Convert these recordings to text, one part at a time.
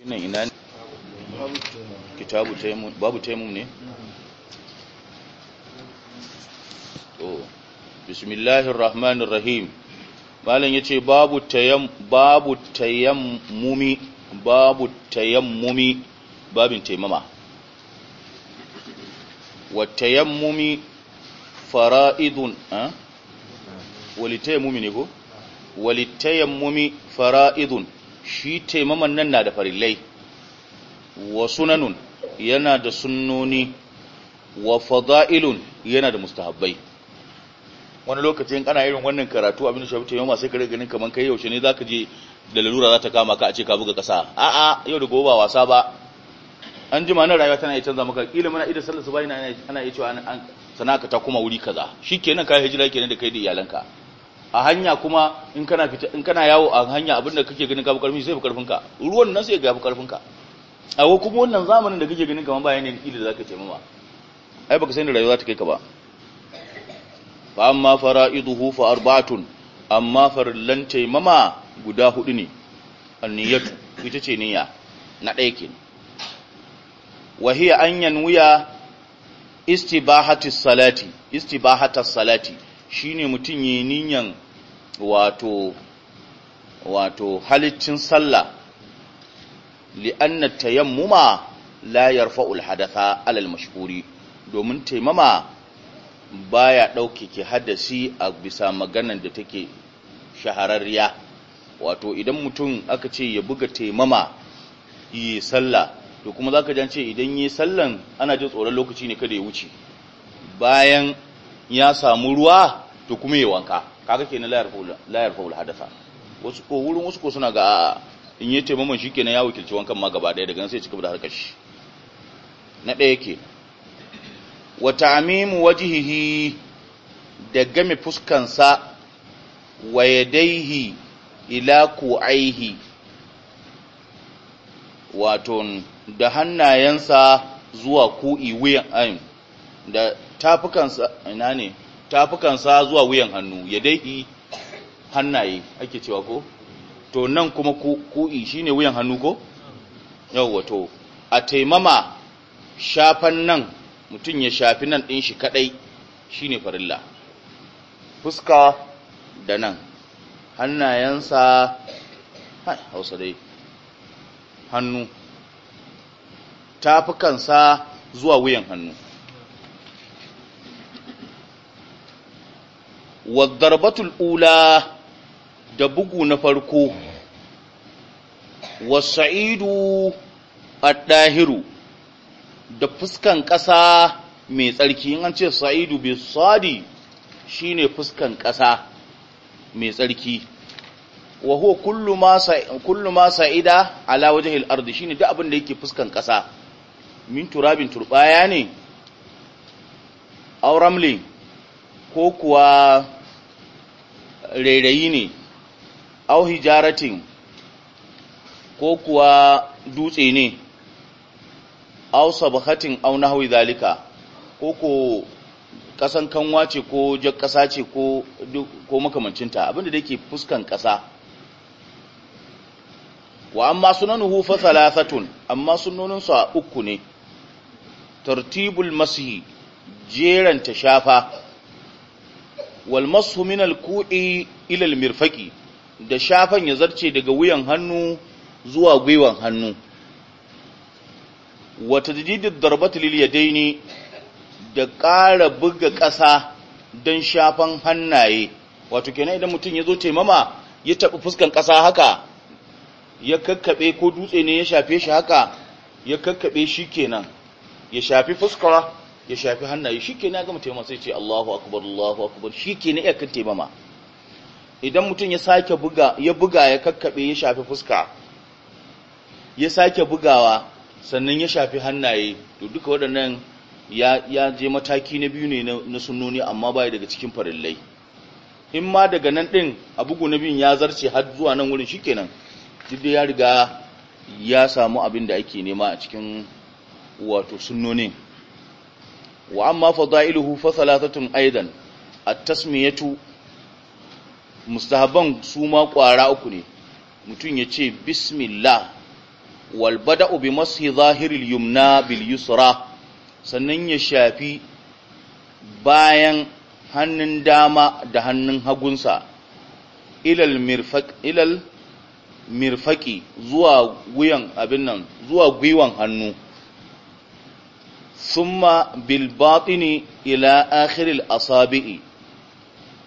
wannan ina ne kitabu taimum babu taimum ne to bismillahir rahmanir rahim malam yace babu tayam babu tayammumi babu tayammumi babin taimama wa tayammumi fara'idun ha walitayammumi ne ko walitayammumi fara'idun shi taimaman nan na da farillai wa sunanun yana da sunnoni wa fada'ilun yana da mustahabbai wani lokacin kana irin wannan karatu abin da shafi taimama sai ka rage ganin kaman kai yaushe ne za ka je da lalura za ta kama ka a ce ka buga kasa a'a yau da gobe ba wasa ba an jima manar rayuwa tana iya canza maka ilimin na idan sallar su bayan ana iya cewa sana'a ta kuma wuri kaza kenan kayan hijira kenan da kai da iyalanka a hanya kuma in kana fita in kana yawo a hanya abinda kake ganin ka karfin sai fi karfin ka ruwan nan sai ga karfin ka a ko kuma wannan zamanin da kake ganin kaman bayan ne da zaka ce mama ai baka san da rayuwa ta kai ka ba fa amma fara'iduhu fa arba'atun amma farillan taimama guda hudu ne anniyatu ita ce niyya na ɗaya ke hiya an yanwiya istibahatis salati istibahatas salati Shi ne mutum yayi niyan wato wato halittin sallah li'anna yammuma la yarfa'ul hadatha alal mashkuri domin taimama baya ɗaukake hadasi a bisa maganan da take shahararriya wato idan mutum aka ce ya buga taimama yi sallah to kuma zaka ka an ce idan yi sallan ana jin tsoron lokaci ne kada ya wuce bayan ya samu ruwa to kuma ya wanka kaga ke layar layar faul hadasa wasu ko wurin wasu ko suna ga in yi taimaman shi na ya wakilci wankan ma gaba daya daga sai cika da harkar shi na ɗaya ke wa ta'mimu wajihihi da game fuskansa wa yadaihi ila aihi wato da hannayensa zuwa ku'i wuyan da tafukansa ina ne tafukansa zuwa wuyan hannu ya dai hannaye ake cewa ko to nan kuma ku'i ne wuyan hannu ko yawwa to a taimama shafan nan mutum ya shafi nan ɗin shi kaɗai shi ne farilla fuska da nan hannayensa hausa dai hannu tafukansa zuwa wuyan hannu wa darbatul ula da bugu na farko wa sa'idu da fuskan ƙasa mai tsarki an ce sa'idu bi sadi shine fuskan ƙasa mai tsarki wa huwa kullu ma kullu ma sa'ida ala wajhi al-ard shine duk abin da yake fuskan ƙasa min turabin turbaya ne aw ramli ko kuwa rairayi ne au hijaratin ko kuwa dutse ne au sabahatin au nahwi zalika ko ko kasan kanwa ce ko jar kasa ce ko ko makamancinta abinda dake fuskan kasa wa amma sunanuhu fa thalathatun amma sunnonin sa uku ne tartibul masihi jeranta shafa wal masu min alku'i ilal mirfaki da shafan ya zarce daga wuyan hannu zuwa gwiwan hannu wata jidid darbat ya yadaini da ƙara buga ƙasa don shafan hannaye wato kenan idan mutum ya zo taimama ya taɓa fuskan ƙasa haka ya kakkaɓe ko dutse ne ya shafe shi haka ya kakkaɓe shi kenan ya shafi fuskara ya shafi hannaye ke ya gama taimama sai ce Allahu akubar Allahu akbar shikenan ya kan taimama idan mutum ya sake buga ya buga ya kakkaɓe ya shafi fuska ya sake bugawa sannan ya shafi hannaye to duka waɗannan ya je mataki na biyu ne na sunoni amma bai daga cikin farillai in ma daga nan ɗin a bugu na biyun ya zarce har zuwa nan wurin shikenan duk ya riga ya samu abin da ake nema a cikin wato sunonin. wa amma fadailuhu fa thalathatun aidan at-tasmiyatu mustahaban su ma kwara uku ne mutum ya ce bismillah wal bada'u bi mashi zahiril yumna bil yusra sannan ya shafi bayan hannun dama da hannun hagunsa ilal mirfaq ilal mirfaqi zuwa guyan abin nan zuwa gwiwan hannu summa بالباطن الى ila الاصابع asabi'i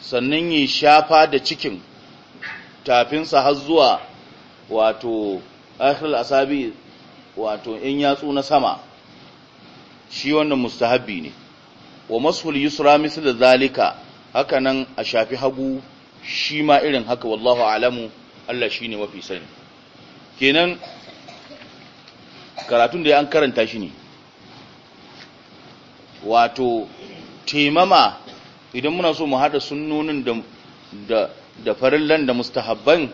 sannan yi shafa da cikin tafinsa har zuwa wato akhiril asabi'i wato in yatsu na sama shi wannan mustahabbi ne wa mashul yusra misal zalika haka nan a shafi hagu shi ma irin haka wallahu alamu Allah shine mafi sani kenan karatun da ya an karanta shi ne wato taimama idan muna so mu haɗa sunnonin da da da farillan da mustahabban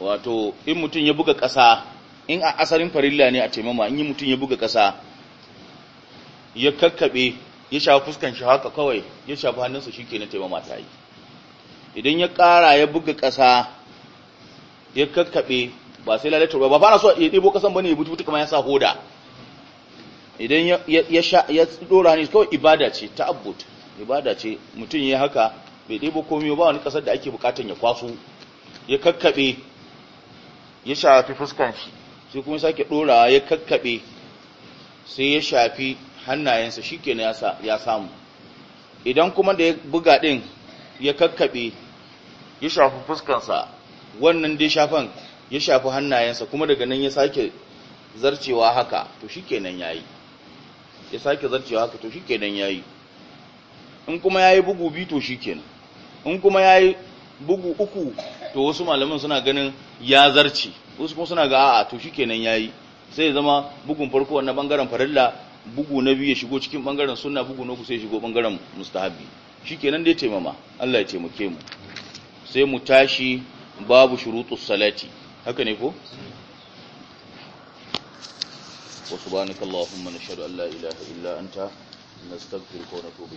wato in mutum ya buga ƙasa in a asarin farilla ne a taimama in yi mutum ya buga ƙasa ya kakkaɓe ya shafa fuskan shi haka kawai ya shafa hannunsa shi ke na taimama ta yi idan ya ƙara ya buga ƙasa ya kakkaɓe ba sai lalata ba ba fara so ya ɗebo ƙasan ba ne ya butu kamar ya sa hoda idan ya dora ne kawai ibada ce ta abbut ibada ce mutum ya haka bai ɗebo komi ba wani ƙasar da ake bukatan ya kwaso ya kakkaɓe ya shafi fuskan shi sai kuma sake ɗorawa ya kakkaɓe sai ya shafi hannayensa shi kenan ya samu idan kuma da ya buga ɗin ya kakkaɓe ya shafi fuskansa wannan dai shafan ya shafi hannayensa kuma daga nan ya sake zarcewa haka to shi kenan ya yi ya sake zarcewa haka to shikenan yayi in kuma yayi bugu biyu to shikenan in kuma yayi bugu uku to wasu malaman suna ganin ya zarce wasu kuma suna ga a'a to shikenan yayi sai ya zama bugun farko wannan bangaren faralla bugu na biyu ya shigo cikin bangaren sunna bugu na uku sai ya shigo bangaren mustahabi shikenan dai taimama Allah ya taimake mu sai mu tashi babu shurutus salati haka ne ko wasu ba nika Allahumma na shaɗu Allah ila’ila’anta na stakfir ko na tobe